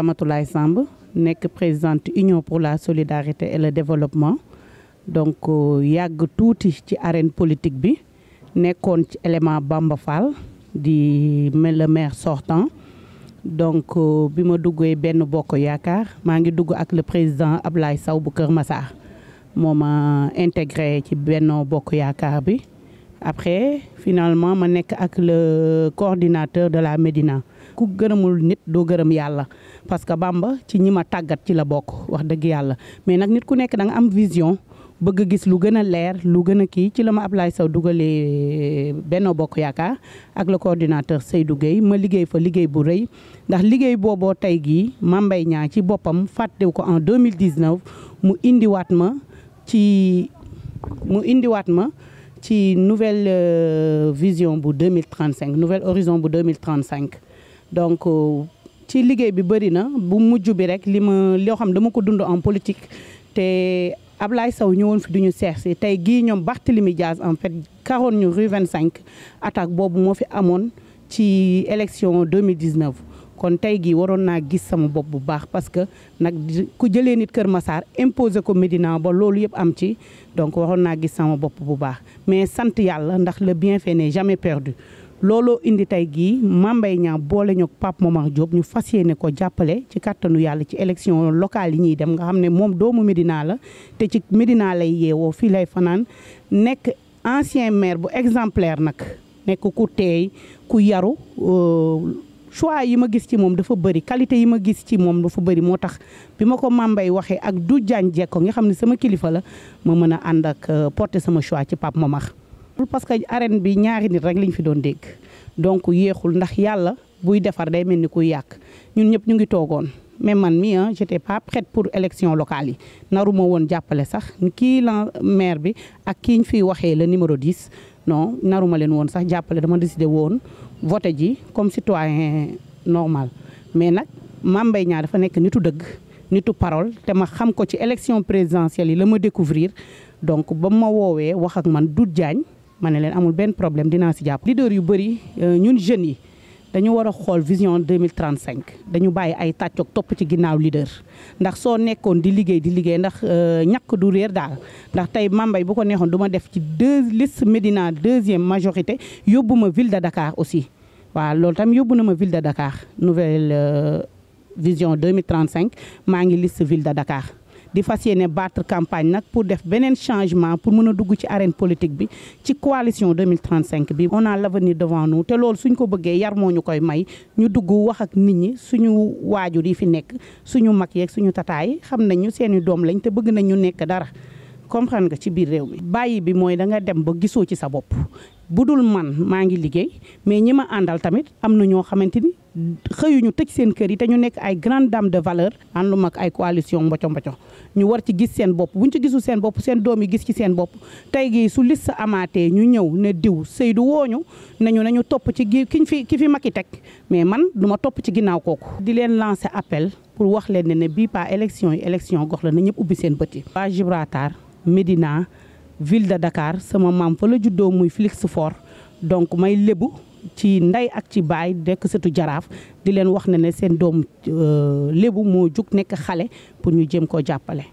Ramatoulaye Samba, nek présidente Union pour la solidarité et le développement donc euh, yag touti ci arène politique bi nekkoon ci élément Bamba Fall di le maire sortant donc euh, bi ma duggee benn bokk yaakaar maa ngi dugg ak le président Ablaye Sow bu Kër Massar Moma intégré ci benno bokk Yakar bi après finalement ma nekk ak le coordinateur de la Médina ku gërëmul nit doo gërëm yàlla parce que Bamba ci ñi ma tàggat ci la bokk wax dëgg yàlla mais nag nit ku nekk da am vision bëgg gis lu gën a leer lu gën a kii ci la ma Ablaye Sow dugalee eh, benn Bokk Yaakaar ak la coordinateur Seydou Gueye ma liggéey fa liggéey bu rëy ndax liggéey booboo tey gii Mame Mbaye Niang ci boppam fàttewu ko en 2019 mu indiwaat ma ci mu indiwaat ma ci nouvelle euh, vision pour 2035 nouvel horizon pour 2035 donc euh, ci liggéey bi bëri na bu mujju bi rek li xam dama ko dund en politique te Ablaye Sow ñëwoon fi duñu seex tay gi ñom ñoom Barthélémy en fait karoon ñu rue 25 attaque bobu mo fi amone ci élection 2019 kon gi warona sama bop bu parce que nak ku jele nit keur Massar imposé ko Medina ba donc sama mais le bienfait n'est jamais perdu Lolo, indi tay gi Mambay boole Momar ñu nous ko ci ci élection locale yi dem nga xamné mom doomu medina la té ci Medina, lay lay ancien maire exemplaire choix yi ma gis ci mom dafa bëri qualité yi ma gis ci mom dafa bëri motax bima ko mambay waxe ak du jaan jekko nga xamni sama kilifa la ma meuna and ak euh, porter sama choix ci Pape Momar parce que arène bi ñaari nit rek liñ fi doon deg donc yeexul ndax yalla buy defar day melni kuy ñun ñep ñu ngi togon mais man mi hein j'étais pas prête pour élection locale naruma won jappalé sax ki la maire bi ak kiñ fi le numéro 10 non naruma len won sax jappalé dama décidé won voté ji comme citoyen normal mais nag Mame Mbaye Niang dafa nekk nitu dëgg nitu parole te ma xam ko ci élection présidentielle le me découvrir donc ba ma woowee wax ak man Doudou Diagne ma ne amul benn problème dinaa si jàpp leader yu bëri euh, ñun jeunes yi dañu war vision 2035 dañu bàyyi ay tàccoog topp ci leader ndax soo nekkoon di liggéey di liggéey ndax euh, ñàkk du réer daal ndax tey Mambay bu ko neexoon du def ci liste Medina deuxième majorité ville de Dakar aussi waaw loolu tam ville de Dakar nouvelle euh, vision 2035 maa liste ville de Dakar di fas yéene battre campagne nag pour def beneen changement pour mën a dugg ci arène politique bi ci coalition 2035 bi on a l'avenir devant nous te loolu suñ ko bëggee yar moo ñu koy may ñu dugg wax ak nit ñi suñu waajur yi fi nekk suñu mag yeeg suñu tataay xam nañu seeni doom lañ te bëgg nañ ñu nekk dara comprendre nga ci biir réew mi bàyyi bi mooy da dem ba gisoo ci sa bopp bu dul man maa ngi liggéey mais ñi ma àndal tamit am na ñoo xamante ni xëyuñu tëj seen kër yi te ñu nekk ay grande dame de valeur ànduma ak ay coalition mboco mboco ñu war ci gis seen bopp ñu ci gisu seen bopp seen doom yi gis ci seen bopp tey gi su liste amaatee ñu ñëw ne diw Seydou wooñu nañu nañu topp ci kiñ fi ki fi Macky teg mais man du topp ci ginnaaw kooku di leen lancer appel pour wax leen ne ne bii pas élection yi élection gox la na ñëpp ubbi seen bët yi waa Gibraltar Médina ville de Dakar sama maam fa la juddoo muy Félix Faure donc may lébu ci nday ak ci bay dekk setu sendom di len wax ne ne seen euh, japa le. pour ñu jëm ko jappalé